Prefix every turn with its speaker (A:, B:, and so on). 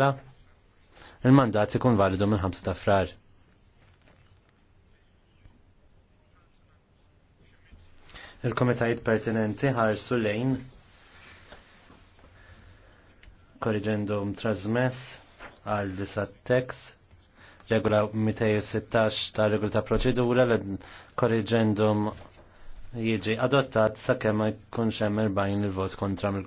A: La, il-mandat ikun validu minn 5 ta' frar. Il-komitajiet pertinenti ħarsu lejn korriġendum trasmess għal disa text regola 216 ta' regola ta' proċedura l korriġendum jiġi adottat sakemm ma jkunx
B: hemm il-bajn il-vot kontra mill